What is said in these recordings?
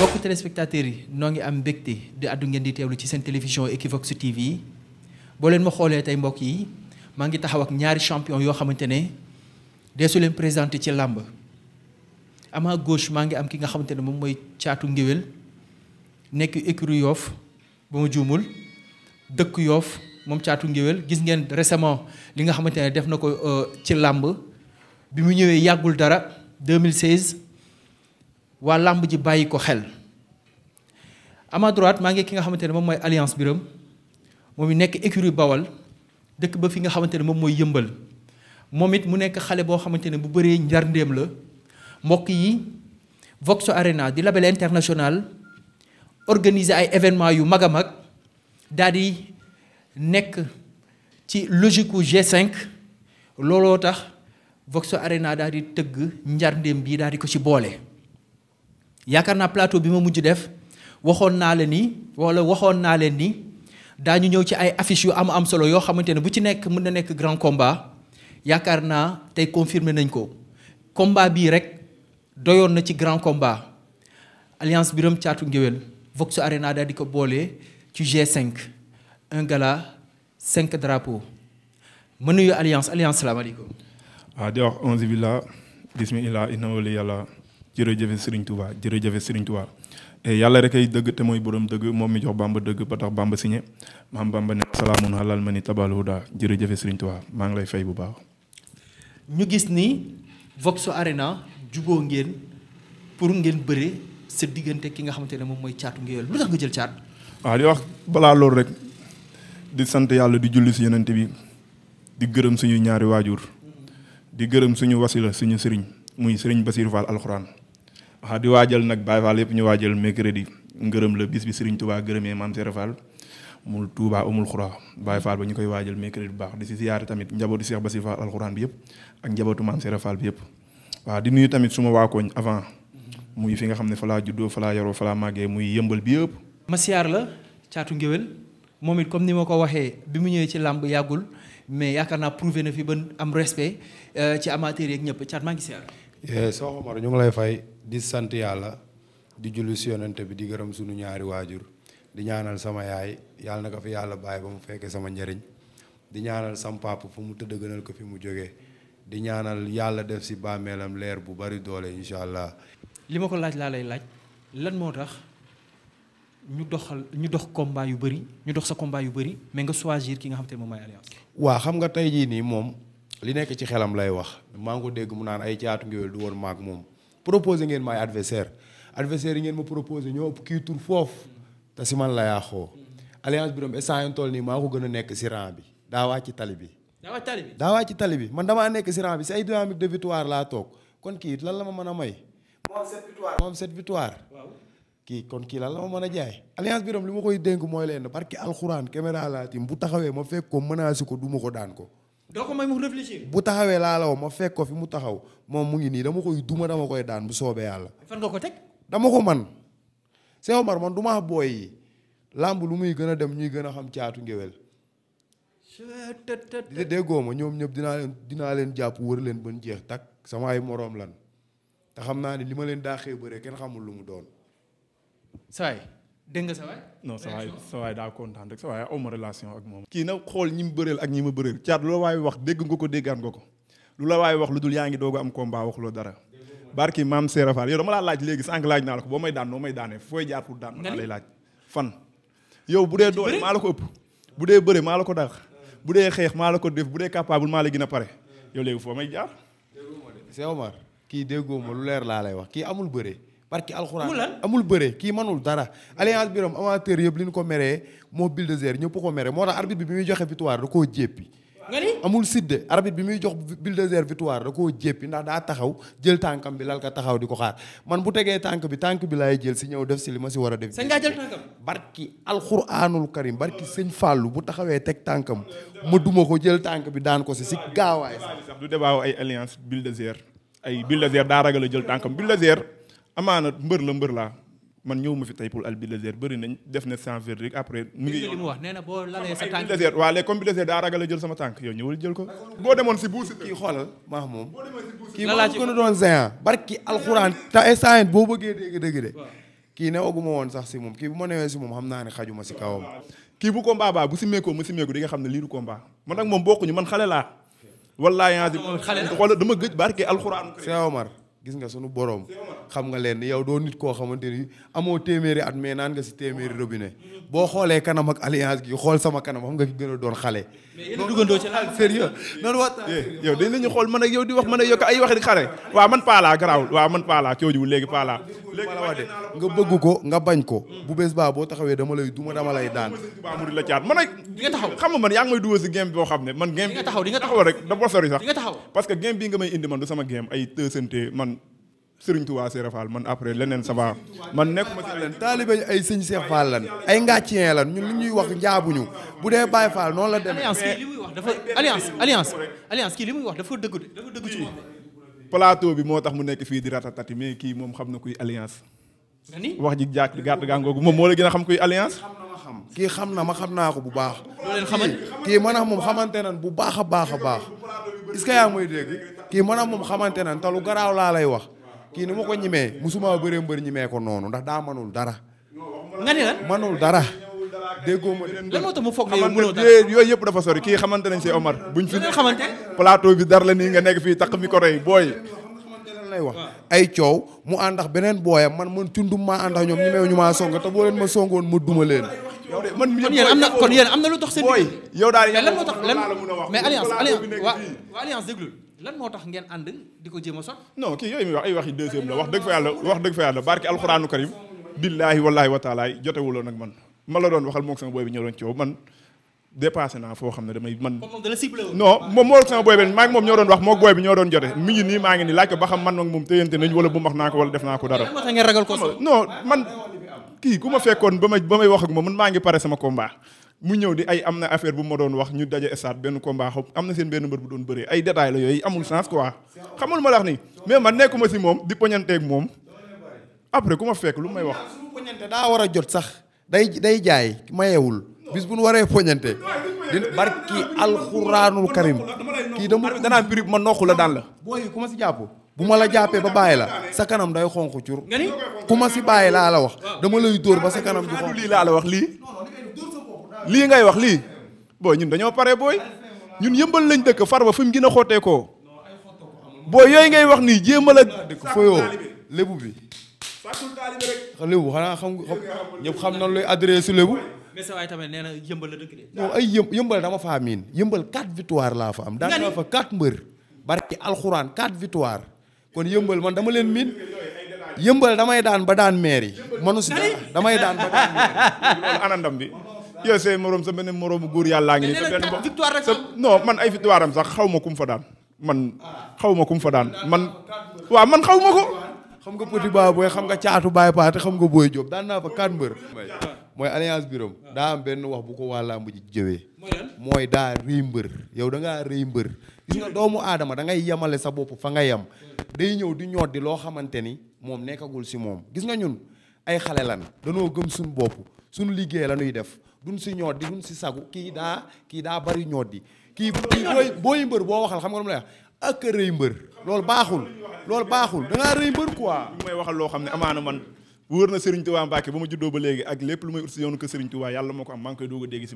mbokku téléspectateurs yi noo ngi am mbégte di àddu ngeen di teewlu ci seen télévision Equivox TV boo leen ma xoolee tey mbokk yi maa ngi taxaw ak ñaari champion yoo xamante ne deesu leen présenté ci làmb amaa gauche maa ngi am ki nga xamante ne moom mooy caatu ngéwél nekk écurie yoof ba ma juumul dëkk yoof moom caatu ngéwél gis ngeen récemment li nga xamante ne def na ko euh, ci làmb bi mu ñëwee yàggul dara 2016 waa làmb ji bàyyi ko xel à maa ngi ki nga xamante ne moom mooy alliance biram moom it nekk écurie bawal dëkk ba fi nga xamante ne moom mooy yëmbal moom it mu nekk xale boo xamante ne bu bëree njarndéem la mbokk yi Vox Arena di label international organiser ay événement yu mag a mag daal di nekk ci logique gu g looloo tax Vox Arena daal di tëgg njarndéem bi daal di ko ci boole. yaakaar naa plateau bi ma mujj def waxoon naa la ni wala waxoon naa leen ni daañu ñëw ci ay affiches yu am am solo yoo xamante ne bu ci nekk mën na nekk grand combat yaakaar naa tey confirmer nañ ko combat bii rek doyoon na ci grand combat alliance Birame Thiatou Nguéweul Vox Arena daal di ko boole ci G5 un gala cinq drapeaux mën nuyu alliance alliance salaamaaleykum. waaw ah, di wax onze billah bismillah inna yàlla jëfe jërëjëfe Serigne Touba jërëjëfe Serigne Touba eh, yàlla rek ay dëgg te mooy boroom dëgg moom mi jox Bamba dëgg ba tax Bamba signé maam Bamba ne salaamun alal ma ni tabalu huda jërëjëfe Serigne Touba maa ngi lay fay bu baax. ñu gis ni Vox Arena juboo ngeen pour ngeen bëre sa diggante ki nga xamante ne moom mooy caatu ngéwél lu tax nga jël caat. waaw ah, di wax balaa loolu rek di sant yàlla di julli si yonent bi di gërëm suñu ñaari waajur di gërëm suñu wasila suñu sëriñ muy sëriñ Basir Fall alxuraan. waaw di waajal nag Baye Fall yëpp ñu waajal mercredi ngërëm la bis bi Serigne Touba gërëmee maam Serigne Fall mul Touba amul xuraa Baye Fall ba ñu koy waajal mercredi bu baax di si siyaare tamit njabootu Cheikh si Fall alxuraan bi yëpp ak njabootu maam Serigne Fall bi yëpp. waaw di nuyu tamit suma waa koñ muy fi nga xam ne fa laa juddoo fa laa yaroo màggee muy yëmbal bi yëpp. ma siyaar la caatu ngéwél moom it comme ni ma ko waxee bi mu ñëwee ci làmb yàggul mais yaakaar naa prouvé na fi ba am respect euh, ci amateur yeeg ñëpp caat maa ngi siyaar Eh, Soxna Omar ñu ngi lay fay di sant yàlla di julli si yonente bi di gërëm suñu ñaari waajur di ñaanal sama yaay yàlla na ko fi yàlla bàyyi ba mu fekkee sama njariñ di ñaanal sam papa fu mu tëdd gënal ko fi mu jógee di ñaanal yàlla def si bàmmeelam leer bu bari doole incha allah. li ma ko laaj laa lay laaj lan moo tax ñu doxal ñu dox combat yu bari ñu dox sa combat yu bëri mais nga choisir ki nga xam te ne moom mooy alliance. waa xam nga tey jii nii moom. li nekk ci xelam lay wax maa ngi ko dégg mu naan ay caatu ngéwél du woon maag moom proposé ngeen maay adversaire adversaire yi ngeen ma proposé ñoo ëpp kii tur foof te si man la yaaxoo alliance bi doom instant yéen toll nii maa ko gën a nekk si bi daa wàcc tali bi. daa wàcc tali ci tali man damaa nekk si bi si ay dynamique de victoire laa toog kon kii lan la ma mën a may. mu am sept victoire kii kon kii lan la ma mën a jaay. alliance bi doom li ma koy dénk mooy leen barki alxuraan caméra laa tim bu taxawee ma fekk ko menacé ko duma ko daan ko. doo ko may bu taxawee laa la ma fekk ko fi mu taxaw moom mu ngi nii dama koy duma dama koy daan bu soobee yàlla. fan nga ko teg. dama ko man Cheikh mar man du booy yi làmb lu muy gën a dem ñuy gën a xam caatu ngéwél. di déggoo ma ñoom ñëpp dinaa leen dinaa leen jàpp wër leen ba jeex tak sama ay moroom lan te xam naa ne li ma leen daaxee bëre kenn xamul lu mu doon. saay dégg nga sa waay. non sa waay sa daa kontaan rek sa waay ma relation ak moom. kii nag xool ñi mu bëreel ak ñi ma bëreel. caat lu la waay wax dégg nga ko déggaan nga ko lu la waay wax lu dul yaa ngi am a am wax waxuloo dara. barki maam Serap Fall yow dama laa laaj léegi sànq laaj naa la ko boo may daan noo may daanee fooy jaar pour daan. nga lay laaj fan. yow bu dee doole maa la ko ëpp. bu dee bëre maa la ko dàq. bu dee xeex maa la ko def bu dee capable maa la gin a pare yow foo may jaar. c'est Omar kii déggoo ma lu leer laa lay wax kii amul bëre barki alxuraan amul bëre kii manul dara alliance birom amateur yëpp li ñu ko meree moo bulldozer ñëpp ko moo tax arbitre bi muy joxe victoire koo jéppi amul sidde arbitre bi muy jox bulldozer victoire da koo jéppi ndax daa taxaw jël tànkam bi lal ka taxaw di ko xaar man bu tegee tànk bi tànk bi laay jël si ñëw def si li ma si war a def. sañ ngaa jël tànkam. barki alxuraanul karim barki sëñ Fàllu bu taxawee teg tànkam ma duma ko jël tànk bi daan ko si si gaawaay sax du débat ay alliance bulldozer ay bulldozer daa ragal a jël tànkam bulldozer amaana mbër la mbër laa man ñëw ma fi tey pour albi désert bëri nañ def na sans verdict après. mu ngi yoon wax nee na daa ragal a jël sama tànk yow ñëwal jël ko. boo demoon si buusi kii xoolal maa moom. kii moo gën a doon géant barki alxuraan te instant boo bëggee dégg dëgg de. kii newaguma woon sax si moom kii bu ma newee si moom xam naa ne xajuma si kawam. kii bu combat baa bu si meekoo ma si meeku di nga xam ne lii du combat man ak moom bokkuñu man xale gis nga sunu borom xam nga leen yow doo nit koo xamante ni amoo téeméeri at mais naan nga si téeméeri robine boo xoolee kanam ak alliance gi xool sama kanam xam nga ki gën a doon xale. mais yéen a duggandoo ci laal sérieux noonu wax eh, yow dañ lañu xool man ak yow di wax man ak yow ay waxi xare waaw man paalaa garaawul waaw man paalaa coojuwul nga bëgg ko nga bañ ko bu boo taxawee dama la caat man ay di nga taxaw xam nga man yaa ngi may dugal si game bi boo xam ne man game di taxaw di nga taxaw parce que game bii nga may indi man du sama game ay tësante man Serigne Touba Serap Fall man après leneen ça va man nekkuma si leneen. taalibe ay sëñ Cheikh Fall lan ay ngàccee lan ñun li ñuy wax njaabuñu bu dee Baye Fall noonu la demee. alliance kii li muy wax dafa alliance alliance alliance kii li muy wax dafa dëgg dafa ci plateau bi moo tax mu nekk fii di ratatati mais kii moom xam na kuy alliance. wax ji jàkk gàtt gàngoogu moom moo la gën a xam kuy alliance. kii xam na ma xam naa ko bu baax. kii man ak moom xamante nan bu baax a baax a baax. est yaa mooy dégg kii man moom xamante nan talu garaaw laa lay wax. kii ni ma ko ñimee musuma bëree mbër ñimee ko noonu ndax daa manul dara. nga ni lan manul dara. déggoo ma de lan moo tax mu foog ne dara yooyu dafa sori kii xamante nañ si Omar. buñ fi xamante plateau bi nii nga nekk fii takk micro yi booy. lay wax ay coow mu àndax beneen booyam man man tundum maa àndax ñoom ñu meew te boo leen ma songoon ma duma leen. man kon am na lu dox seen. yow daal lan moo tax lan mais alliance alliance waa lan moo tax ngeen ànd di ko jéem a sot non kii yooyu muy wax ay waxi deuxième la wax dëgg fa yàlla wax dëgg fa yàlla barki alxuraanu karim billaahi wallaahi wa taalaay jotewuloo nag man ma la doon waxal moom sama booy bi ñëw doon coow man dépassé naa foo moom moo sama booy bi maa ngi moom ñoo doon wax moo booy bi ñoo doon jote mi ngi nii maa ngi nii laaj ko ba xam man moom téyante nañ wala bu wax naa ko wala def naa ko dara non man kii ku ma fekkoon ba may ba may wax ak moom man maa ngi pare sama combat mu ñëw di ay am na affaire bu ma doon wax ñu daje stade benn combat xaw am na seen benn mbër bu doon bëree ay détails la yooyu amul sens quoi xamul ma la wax ni mais man nekkuma si moom di poñanteeg moom après ku ma fekk lu may wax. poñante daa war a jot sax day day jaay mayewul bis bu nu waree poñante di barki alxuraanul karim kii dama danaa prix ma noq la daan la. booy ku ma si jàpp bu ma la jàppee ba bàyyi la sa kanam day xonq cur. nga ni ku ma si bàyyi laa la wax. dama lay dóor ba sa kanam. du xonq lii laa la wax lii. lii ngay wax lii boo ñun dañoo pare booy ñun yëmbal lañ dëkk ba fu mu gën a xootee koo booy yooyu ngay wax nii jéemal a dëkk fooyoo lébu bi lébu xanaa xam nga ñëpp xam na luy adresse lébu mais sa waay nee na yëmbal la dëkk ay yëmbal dama fa miin yëmbal 4 victoire laa fa am daan naa fa 4 mbër barki alxuraan 4 victoire kon yëmbal man dama leen miin yëmbal damay daan ba daan maire yi manu si damay daan ba daan maire yi anandam bi yow say morom sa beneen moroomu góor yàllaa ngi nii non man ay victoire sax xaw ma kum fa daan man xaw ma kum daan man man xaw nga petit ba booy xam nga caatu baay xam nga booy jóob daan naa fa kat mooy alliance birom daa benn wax ko waa làmb ji daa rëy yow da ngaa rëy mbër da ngay yemale sa bopp fa nga yem day ñëw di ñoot di loo xamante ni moom nekkagul si moom gis nga ñun ay xale lan danoo gëm bopp suñu liggéey la ñuy def duñ si ñoot di si sagu kii daa kii daa bari ñoot di kii booy booy boo waxal xam nga lu ma lay wax ak rëy mbër loolu baaxul loolu baaxul da ngaa rëy mbër quoi may ne amaana man wóor na Serigne Touba Mbacke ba ma ak lépp lu may ut si yoonu ko Serigne Touba yàlla a dégg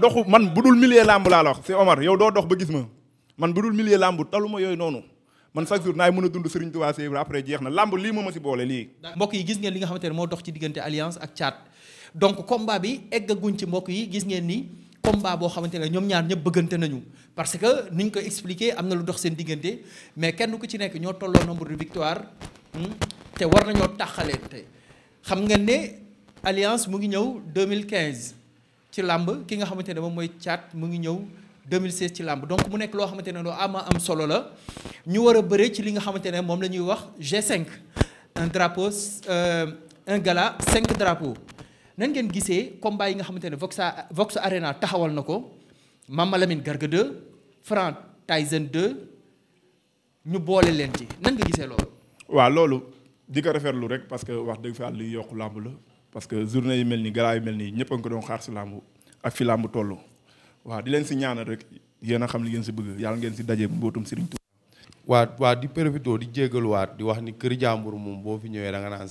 doxu man bu dul milieu làmb laa la wax si Omar yow doo dox ba gis ma man bu dul milieu làmb taluma yooyu noonu man chaque jour naay mën a dund Serigne Touba Sèye après jeex na làmb lii moo ma si boole lii mbokk yi gis ngeen li nga xamante moo dox ci diggante alliance ak caat donc combat bi eggaguñ ci mbokk yi gis ngeen ni combat boo xamante ne ñoom ñaar ñëpp bëggante nañu parce que niñ ko expliqué am na lu dox seen diggante mais kenn ku ci nekk ñoo tolloo nombre de victoire hmm, te war nañoo taxalee te xam nga ne alliance mu ngi ñëw 2015 ci làmb ki nga xamante ne moom mooy caat mu ngi ñëw 2016 ci làmb donc mu nekk loo xamante ne loo am am solo la ñu war a bëre ci li nga xamante ne moom la ñuy wax g cinq un drapeau euh, un gala cinq drapeaux nan ngeen gisee combat yi nga xamante ne Vox Vox Arena taxawal na ko Mama Lamine Garga 2 Franc Tyson 2 ñu boole leen ci nan gisee loolu. waaw loolu di ko rafetlu rek parce que wax dëgg fi luy yokk làmb la parce que journée yu mel nii gala yu mel nii ñëpp a ko doon xaar si làmb ak fi làmb toll. waaw di leen si ñaana rek yéen a xam li ngeen si bëgg yàlla ngeen si daje mbootum Serigne Touba. waa waa di profité di jégaluwaat di wax ni kër jàmbur moom boo fi ñëwee da nga naan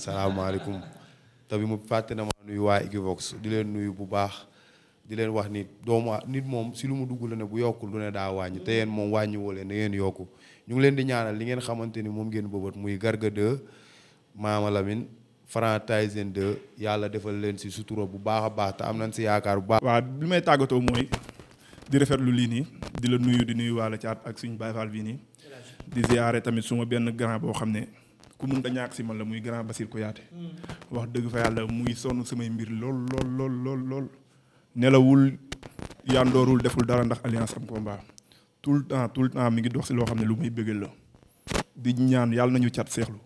te bi mu fàtte na ma nuyu waa Equivox di leen nuyu bu baax di leen wax ni doomu nit moom si lu mu dugg la ne bu yokkul lu ne daa wàññi te yéen moom wàññiwoo leen da ngeen yokk ñu ngi leen di ñaanal li ngeen xamante ni moom ngeen bëbët muy Garga 2 Mama Lamine Franc Tyson 2 yàlla defal leen si sutura bu baax a baax te am nañ si yaakaar bu baax. waaw li may tàggatoo mooy di rafetlu lii nii di la nuyu di nuyu waale caat ak suñu Baay Faal bii nii di ziare tamit suma benn grand boo xam ne. ku mun a ñàkk si man la muy grand Basir Koyaate wax dëgg fa yàlla muy sonn samay mbir lool lool lool lool nelawul yandoorul deful dara ndax alliance am combat tout le temps tout le temps mi ngi dox si loo xam ne lu muy bëggal la di ñaan yàlla nañu cat seexlu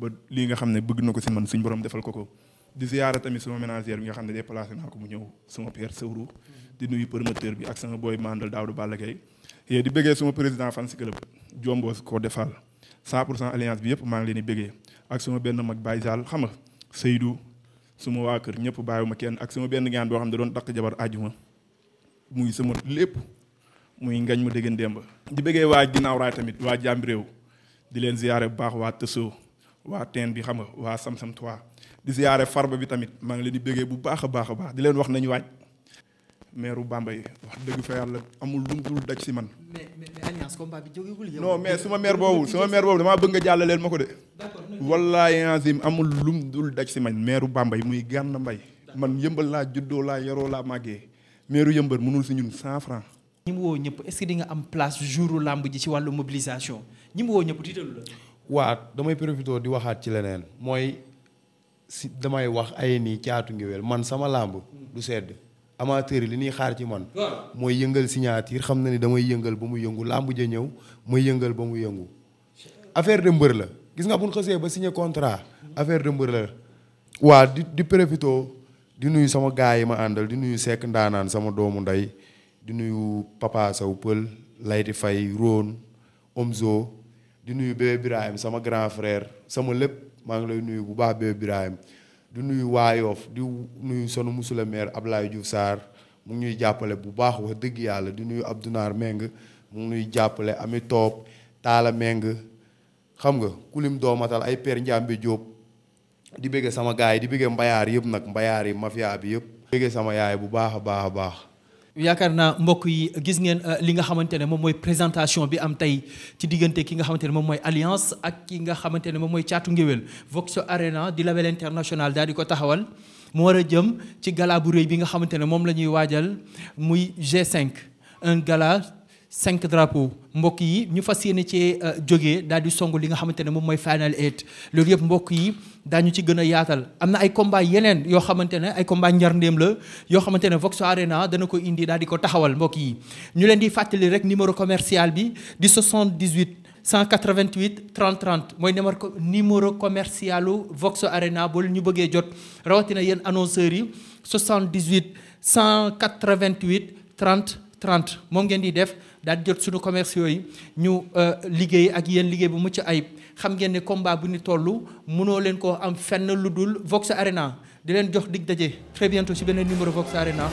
ba li nga xam ne bëgg na ko si man suñ borom defal ko ko di ziyaara tamit sama ménagère bi nga xam ne déplacé naa ko mu ñëw sama père Sewru di nuyu promoteur bi ak sama booy mandal Daawdu Balla Gaye eh, di 100 pour cent alliance bi yëpp maa ngi leen di bëggee ak suma benn mag Baye Sall xam nga Seydou suma waa kër ñëpp bàyyiwuma kenn ak suma benn gaan boo xam ne doon takk jabar àjjuma muy sama lépp muy ngañ ma déggan démb di bëggee waa ginnaaw raay tamit waa jàmbi réew di leen ziyaare bu baax waa Tësoo waa teen bi xam nga waa Samsam 3 di ziyaare farba bi tamit maa ngi leen di bëggee bu baax a baax a baax di leen wax nañu waaj meeru Bambey wax dëgg fa yàlla amul lu mu dul daj si man as combat bi jógewul yow. non mais suma mère boobu suma mère boobu damaa bëgg nga jàllaleel ma ko de. d'accord wallaahi azim amul lum dul daj si man meeru Bambey muy Gana mbay man yëmbal laa juddoo laa yaroo laa màggee meeru yëmbal mënul si ñun cent franc. ñi mu woo ñëpp est di nga am place jouru làmb ji ci wàllu mobilisation ñi mu woo ñëpp tiitalu la. waa damay profité di waxaat ci leneen mooy si damay wax ay nii caatu ngi man sama làmb du sedd. amateur li ñuy xaar ci man. mooy yëngal signature xam na ni damay yëngal ba mu yëngu làmb ja ñëw may yëngal ba mu yëngu. affaire de mbër la gis nga bu ñu xasee ba signé contrat affaire de mbër la waa di di di nuyu sama gars yi ma àndal di nuyu Seck ndaanaan sama doomu ndey di nuyu Papa Sow Pël Layti Fay Rhone Omzo di nuyu Bébé Birahim sama grand frère sama lépp maa ngi lay nuyu bu baax Bébé Birahim di nuyu waa Yoff di nuyu sonu musula maire Ablaye Diouf saar mu ngi ñuy jàppale bu baax wax dëgg yàlla di nuyu ab dunaar Meng mu ngi ñuy jàppale Ami Toob Taala Meng xam nga kulim doomatal ay Père Ndiambi Diop di bëgg sama gars yi di bëgg mbayaar yëpp nag mbayaar yi mafia bi yëpp. bëgg sama yaay bu baax a baax a baax. yaakaar naa mbokk yi gis ngeen euh, li nga xamante ne moom mooy présentation bi am tey ci diggante ki nga xamante ne moom mooy alliance ak ki nga xamante ne moom mooy caatu ngéwél Vox Arena di label international daal di ko taxawal mu war a jëm ci gala bu rëy bi nga xamante ne moom la ñuy waajal muy G5 un gala cinq drapeaux mbokk yi ñu fas yéene cee euh, jóge daal di song li nga xamante ne moom mooy final eight loolu yëpp mbokk yi daañu ci gën a yaatal am na ay combat yeneen yoo xamante ne ay combat njarndéem la yoo xamante ne Vox Arena dana ko indi daal di ko taxawal mbokk yi ñu leen di fàttali rek numéro commercial bi di 78 188 30 30 mooy numéro numéro commercialu Vox Arena boo leen ñu bëggee jot rawatina yéen annonceurs yi 78 188 30 30 moom ngeen di def daan jot suñu commerciaux yi ñu euh, liggéey ak yéen liggéey bu mucc ayib xam ngeen ne combat bu ni toll munoo leen ko am fenn lu dul Vox Arena di leen jox dig daje très bientôt ci beneen numéro Vox Arena.